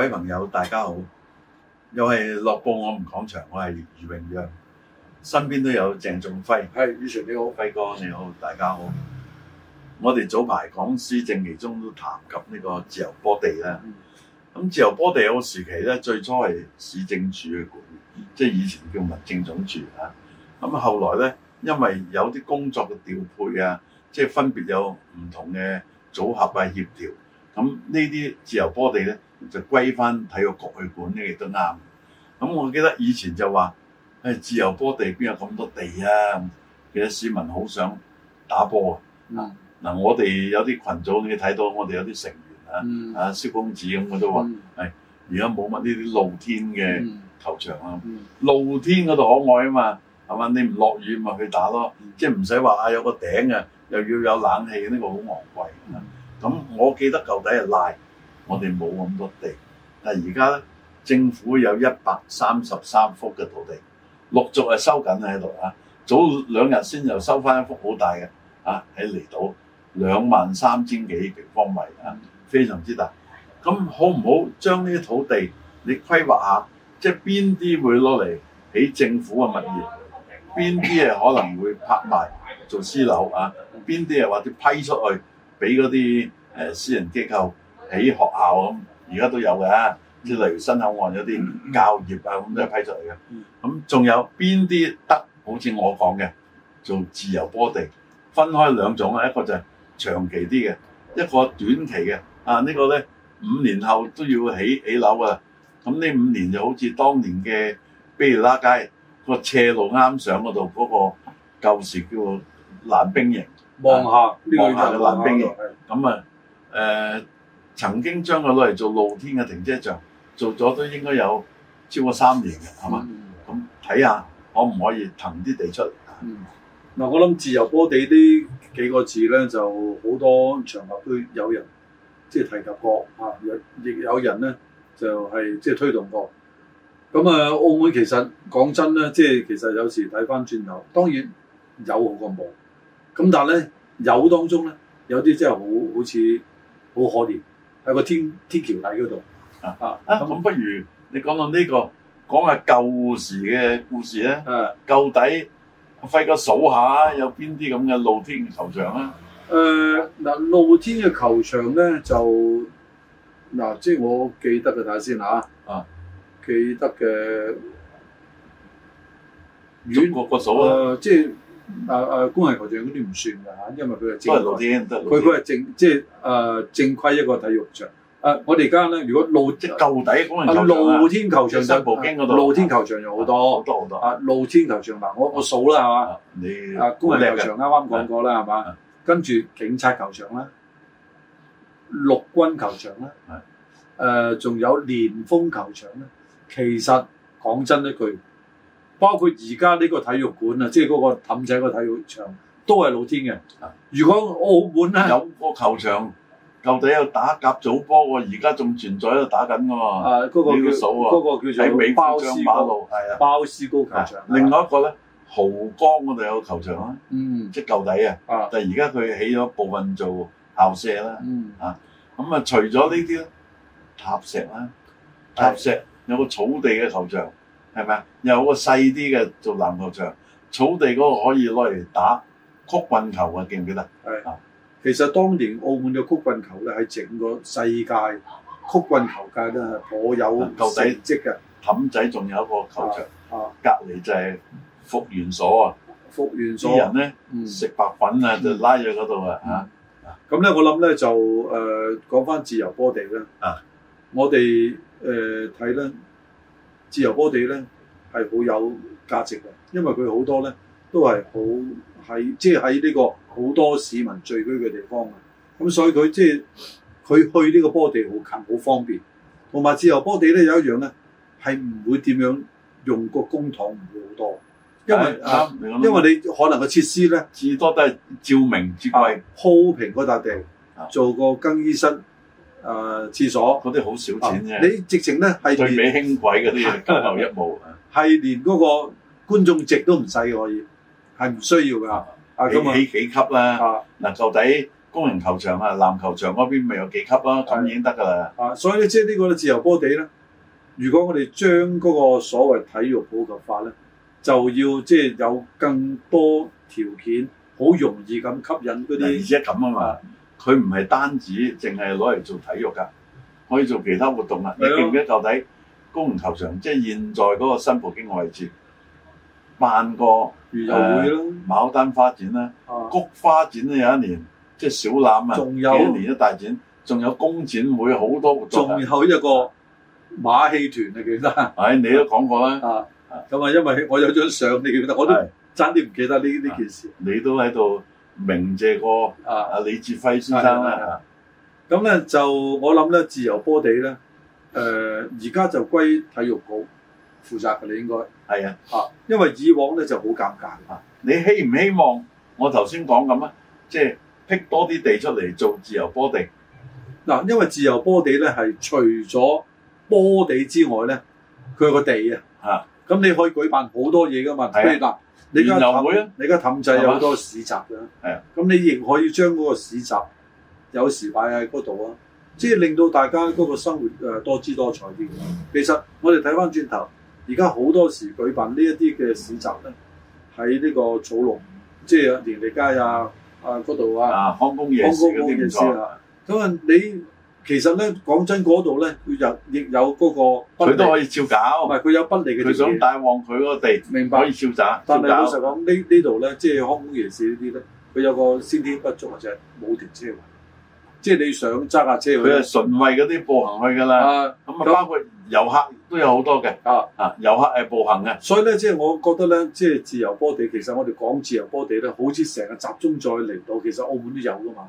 各位朋友，大家好！又係樂報我哋講場，我係余榮陽，身邊都有鄭仲輝。係，余 Sir 你好，輝哥，你好，大家好。我哋早排講施政，其中都談及呢個自由波地啦。咁、嗯、自由波地有個時期咧，最初係市政署嘅管，即係以前叫民政總署嚇。咁、啊、後來咧，因為有啲工作嘅調配啊，即、就、係、是、分別有唔同嘅組合啊協調，咁呢啲自由波地咧。就歸翻體育局去管咧，亦都啱。咁我記得以前就話，誒自由波地邊有咁多地啊？其實市民好想打波嘅。嗱我哋有啲群組你睇到，我哋有啲成員啊，阿蕭公子咁，我都話，誒，而家冇乜呢啲露天嘅球場啊，露天嗰度可愛啊嘛，係嘛？你唔落雨咪去打咯，即係唔使話啊有個頂啊，又要有冷氣呢個好昂貴。咁我記得舊底係賴。我哋冇咁多地，但係而家咧政府有一百三十三幅嘅土地，陸續係收緊喺度啊！早兩日先又收翻一幅好大嘅啊，喺離島兩萬三千幾平方米啊，非常之大。咁好唔好將呢啲土地你規劃下，即係邊啲會攞嚟起政府嘅物業，邊啲係可能會拍賣做私樓啊？邊啲係或者批出去俾嗰啲誒私人機構？喺學校咁，而家都有嘅，即例如新口岸有啲教業啊，咁都係批出嚟嘅。咁仲、嗯、有邊啲得？好似我講嘅，做自由波地，分開兩種啊、嗯，一個就係長期啲嘅，一個短期嘅。啊，這個、呢個咧五年後都要起起樓㗎喇！咁呢五年就好似當年嘅，俾利喇街個斜路啱上嗰度嗰個舊時叫做藍兵營，望下呢個嘅係藍兵營。咁啊，誒。曾經將佢攞嚟做露天嘅停車場，做咗都應該有超過三年嘅，係嘛？咁睇下可唔可以騰啲地出嚟啊？嗱、嗯，我諗自由波地啲幾個字咧，就好多場合都有人即係、就是、提及過，嚇，亦亦有人咧就係即係推動過。咁啊，澳門其實講真咧，即、就、係、是、其實有時睇翻轉頭，當然有好過冇。咁但係咧，有當中咧有啲真係好好似好可憐。喺個天天橋底嗰度啊，咁、啊、麼不如你講到呢、這個，講下舊時嘅故事咧。誒、啊，到底費夠數下，有邊啲咁嘅露天球場啊？誒、啊，嗱、呃呃，露天嘅球場咧就，嗱、啊，即係我記得嘅，睇下先吓。啊，啊記得嘅，全國個數啊，呃、即係。啊啊！工人球場嗰啲唔算噶嚇，因為佢係正，佢佢係正即係啊正規一個體育場。啊，我哋而家咧，如果露即露地工人露天球場喺葡京度，露天球場有好多好多好多啊！露天球場嗱，我我數啦，係嘛？你啊，工人球場啱啱講過啦，係嘛？跟住警察球場啦，陸軍球場啦，誒仲有蓮峰球場咧。其實講真咧，佢。包括而家呢個體育館啊，即係嗰個氹仔個體育場都係露天嘅。如果澳門咧，有個球場，舊底有打甲組波喎，而家仲存在喺度打緊噶嘛。啊，嗰個叫嗰個叫做鮑斯高，係啊，鮑斯高球場。另外一個咧，濠江嗰度有個球場啊，即係舊底啊，但係而家佢起咗部分做校舍啦。啊，咁啊，除咗呢啲咧，塔石啦，塔石有個草地嘅球場。係咪啊？有個細啲嘅做籃球場，草地嗰個可以攞嚟打曲棍球嘅，記唔記得？係啊。其實當年澳門嘅曲棍球咧，喺整個世界曲棍球界咧，可有成績嘅。氹仔仲有一個球場，隔籬就係復原所啊。復原所人咧，食白粉啊，就拉咗嗰度啊。啊，咁咧我諗咧就誒講翻自由波地啦。啊，我哋誒睇咧。自由波地咧係好有價值嘅，因為佢好多咧都係好喺即係喺呢個好多市民聚居嘅地方啊，咁、嗯、所以佢即係佢去呢個波地好近好方便，同埋自由波地咧有一樣咧係唔會點樣用個公帑唔會好多，因為啊，因為你可能個設施咧至多都係照明、接軌、鋪平嗰笪地、做個更衣室。誒廁所嗰啲好少錢啫，啊、 你直情咧係最尾輕軌嗰啲，後一步係連嗰個觀眾席都唔細嘅可以，係唔需要㗎。咁、啊、起，起幾級啦？嗱、啊，到底、啊、工人球場啊、籃球場嗰邊咪有幾級啦？咁已經得㗎啦。所以咧，即係呢個自由波地咧，如果我哋將嗰個所謂體育普及法咧，就要即係有更多條件，好容易咁吸引嗰啲。而且咁啊嘛。 佢唔係單止淨係攞嚟做體育㗎，可以做其他活動啦。的你記唔記得舊底高雄球場即係現在嗰個新葡京我位置，辦個遊園會囉誒牡丹花展啦，啊、菊花展啦，有一年即係小欖啊，幾年一大展，仲有工展會好多活動。仲有一個馬戲團啊，記得。誒、啊，你都講過啦。咁啊，因為我有張相，你記得我都差啲唔記得呢呢件事的、啊。你都喺度。明謝個阿阿李志輝先生啦，咁咧就我諗咧自由波地咧，誒而家就歸體育局負責嘅，你應該係的啊吓，因為以往咧就好尷尬吓、啊，你希唔希望我頭先講咁咧，即係辟多啲地出嚟做自由波地嗱，因為自由波地咧係除咗波地之外咧，佢個地啊，咁你可以舉辦好多嘢噶嘛，咩噶的？會你而家氹，你家氹制有好多市集嘅，咁吧你仍可以將嗰個市集有時擺喺嗰度啊，即係令到大家嗰個生活誒多姿多彩啲。其實我哋睇翻轉頭，而家好多時舉辦呢一啲嘅市集咧，喺呢個草龍，即係連地街啊啊嗰度啊，裡啊，康公夜市嗰啲咁啊，咁裡啊你。其實咧講真，嗰度咧又亦有嗰個佢都可以照搞，唔係佢有不利嘅條件。佢想帶旺佢嗰個地，明白可以照揸。照顧但係老實講，嗯、呢呢度咧，即係康公夜市呢啲咧，佢有個先天不足，或者係冇停車位。即係你想揸架車去，佢係純為嗰啲步行去㗎啦。咁啊、呃，包括遊客都有好多嘅啊啊，呃呃、遊客係步行嘅。所以咧，即係我覺得咧，即係自由波地，其實我哋講自由波地咧，好似成日集中再嚟到，其實澳門都有㗎嘛。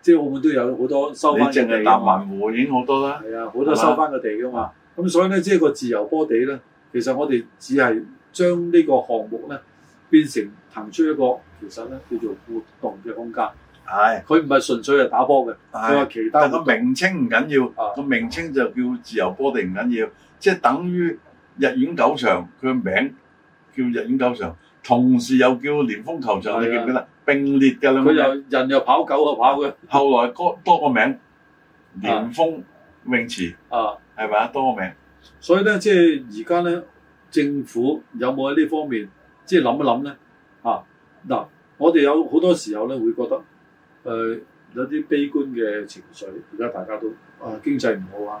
即係澳門都有好多收翻，你淨係南灣湖已經好多啦。係啊，好多收翻個地噶嘛。咁吧所以咧，即係個自由波地咧，其實我哋只係將呢個項目咧變成騰出一個，其實咧叫做活動嘅空間。係的。佢唔係純粹係打波嘅。係的。但係個名稱唔緊要，個的名稱就叫自由波地唔緊要，即、就、係、是、等於日苑球場，佢個名叫日苑球場。同時又叫蓮峰球場，的你記唔記得？並列嘅兩佢又人又跑，狗又跑嘅、啊。後來多多個名，蓮峰泳池啊，係咪？多個名。所以咧，即係而家咧，政府有冇喺呢方面即係諗一諗咧？啊嗱，我哋有好多時候咧會覺得誒、呃、有啲悲觀嘅情緒。而家大家都啊經濟唔好啊，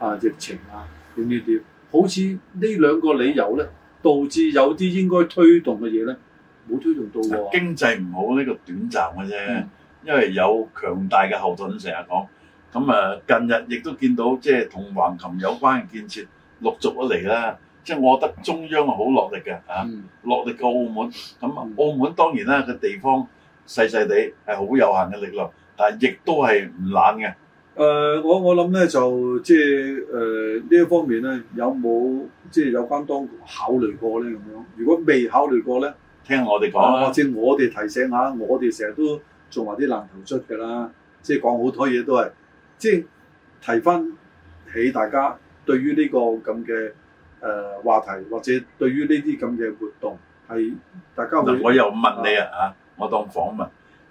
啊疫情啊點點點。好似呢兩個理由咧。導致有啲應該推動嘅嘢咧，冇推動到喎。經濟唔好呢、呢個短暫嘅啫，嗯、因為有強大嘅後盾，成日講。咁、嗯、啊，近日亦都見到即係同橫琴有關嘅建設陸續咗嚟啦。即係我覺得中央係好落力嘅嚇，落、嗯啊、力過澳門。咁、嗯、澳門當然啦，個地方細細地係好有限嘅力量，但係亦都係唔懶嘅。誒、呃，我我諗咧就即係誒呢一方面咧有冇即係有關、就是、當局考慮過咧咁樣？如果未考慮過咧，聽我哋講啦。呃、或者我哋提醒下，啊、我哋成日都做埋啲爛圖出嘅啦。即係講好多嘢都係，即、就、係、是、提翻起大家對於呢、這個咁嘅誒話題，或者對於呢啲咁嘅活動係大家會、呃。我又問你啊，嚇、啊，我當訪問。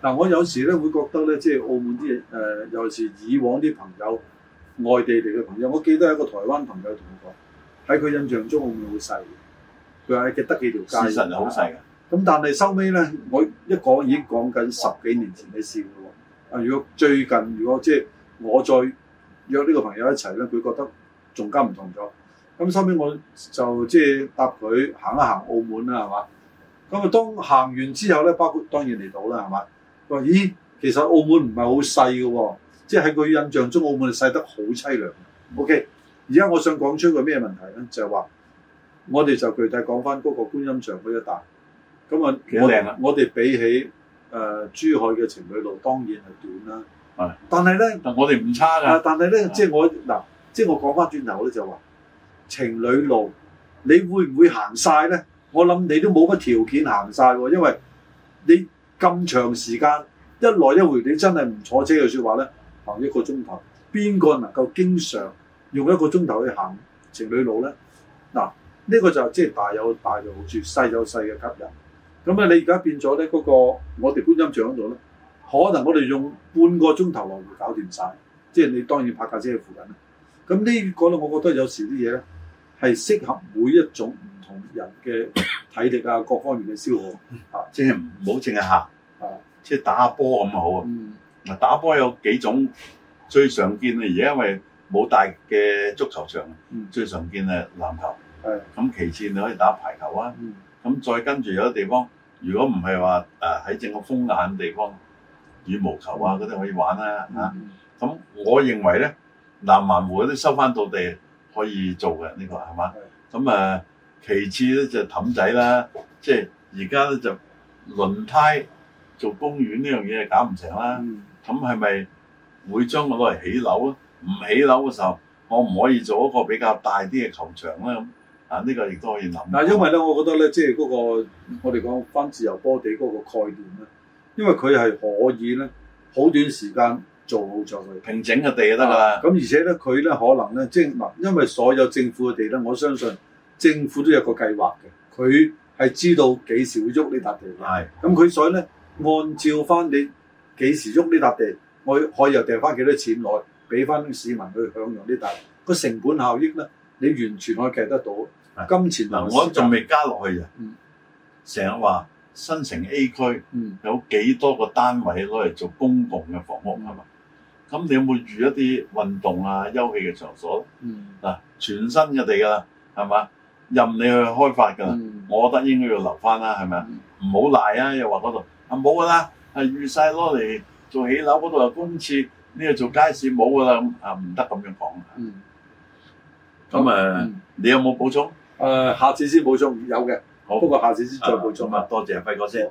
嗱、啊，我有時咧會覺得咧，即係澳門啲誒、呃，尤其是以往啲朋友、外地嚟嘅朋友，我記得有一個台灣朋友同我講，喺佢印象中澳門好細，佢話記得幾條街，事實係好細㗎。咁、啊、但係收尾咧，我一講已經講緊十幾年前嘅事喎。啊，如果最近，如果即係我再約呢個朋友一齊咧，佢覺得仲加唔同咗。咁收尾我就即係搭佢行一行澳門啦，係嘛？咁啊，當行完之後咧，包括當然嚟到啦，係嘛？話咦，其實澳門唔係好細嘅喎，即係喺佢印象中，澳門係細得好凄涼。嗯、OK，而家我想講出一個咩問題咧，就係、是、話我哋就具體講翻嗰個觀音像嗰一笪。咁啊，我哋比起誒、呃、珠海嘅情侶路，當然係短啦。係，但係咧，但我哋唔差㗎。但係咧，即係我嗱，即係我講翻轉頭咧，就話情侶路你會唔會行晒咧？我諗你都冇乜條件行晒喎，因為你。咁長時間一來一回，你真係唔坐車嘅説話咧，行一個鐘頭，邊個能夠經常用一個鐘頭去行情侶路咧？嗱，呢、這個就即係大有大嘅好處，細有細嘅吸引。咁啊、那個，你而家變咗咧，嗰個我哋觀音像嗰度咧，可能我哋用半個鐘頭來回搞掂晒。即係你當然泊架車去附近啦。咁呢個咧，我覺得有時啲嘢咧係適合每一種。人嘅體力啊，各方面嘅消耗，啊，即係唔好淨係行，啊，即係打波咁啊好啊。嗱，打波有幾種，最常見啊。而家因為冇大嘅足球場，最常見係籃球，係咁其次你可以打排球啊。咁再跟住有啲地方，如果唔係話誒喺正個風眼地方，羽毛球啊嗰啲可以玩啦嚇。咁我認為咧，南灣湖嗰啲收翻到地可以做嘅呢個係嘛？咁誒。其次咧就氹、是、仔啦，即係而家咧就輪胎做公園呢樣嘢係搞唔成啦。咁係咪會將我攞嚟起樓啊？唔起樓嘅時候，我唔可以做一個比較大啲嘅球場咧咁啊？呢、這個亦都可以諗。但係因為咧，我覺得咧，即係嗰、那個我哋講翻自由波地嗰個概念咧，因為佢係可以咧，好短時間做好咗佢平整嘅地就得啦。咁、啊、而且咧，佢咧可能咧，即係嗱，因為所有政府嘅地咧，我相信。政府都有個計劃嘅，佢係知道幾時會喐的呢笪地嘅。咁，佢所以咧，按照翻你幾時喐呢笪地，我可以又掟翻幾多錢落，俾翻市民去享用呢笪。個成本效益咧，你完全可以計得到。的金錢流我仲未加落去啊！成日話新城 A 區有幾多個單位攞嚟做公共嘅房屋係嘛？咁、嗯、你有冇預一啲運動啊、休憩嘅場所？嗱、嗯，全新嘅地㗎啦，係嘛？任你去開發噶，嗯、我覺得應該要留翻啦，係咪啊？唔好、嗯、賴啊！又話嗰度啊冇噶啦，係預晒攞嚟做起樓嗰度又公廁，呢度做街市冇噶啦咁啊，唔得咁樣講啦。咁誒、啊啊啊啊啊啊，你有冇補充？誒、嗯呃，下次先補充，有嘅。好，不過下次先再補充啊。啊，多謝輝哥先。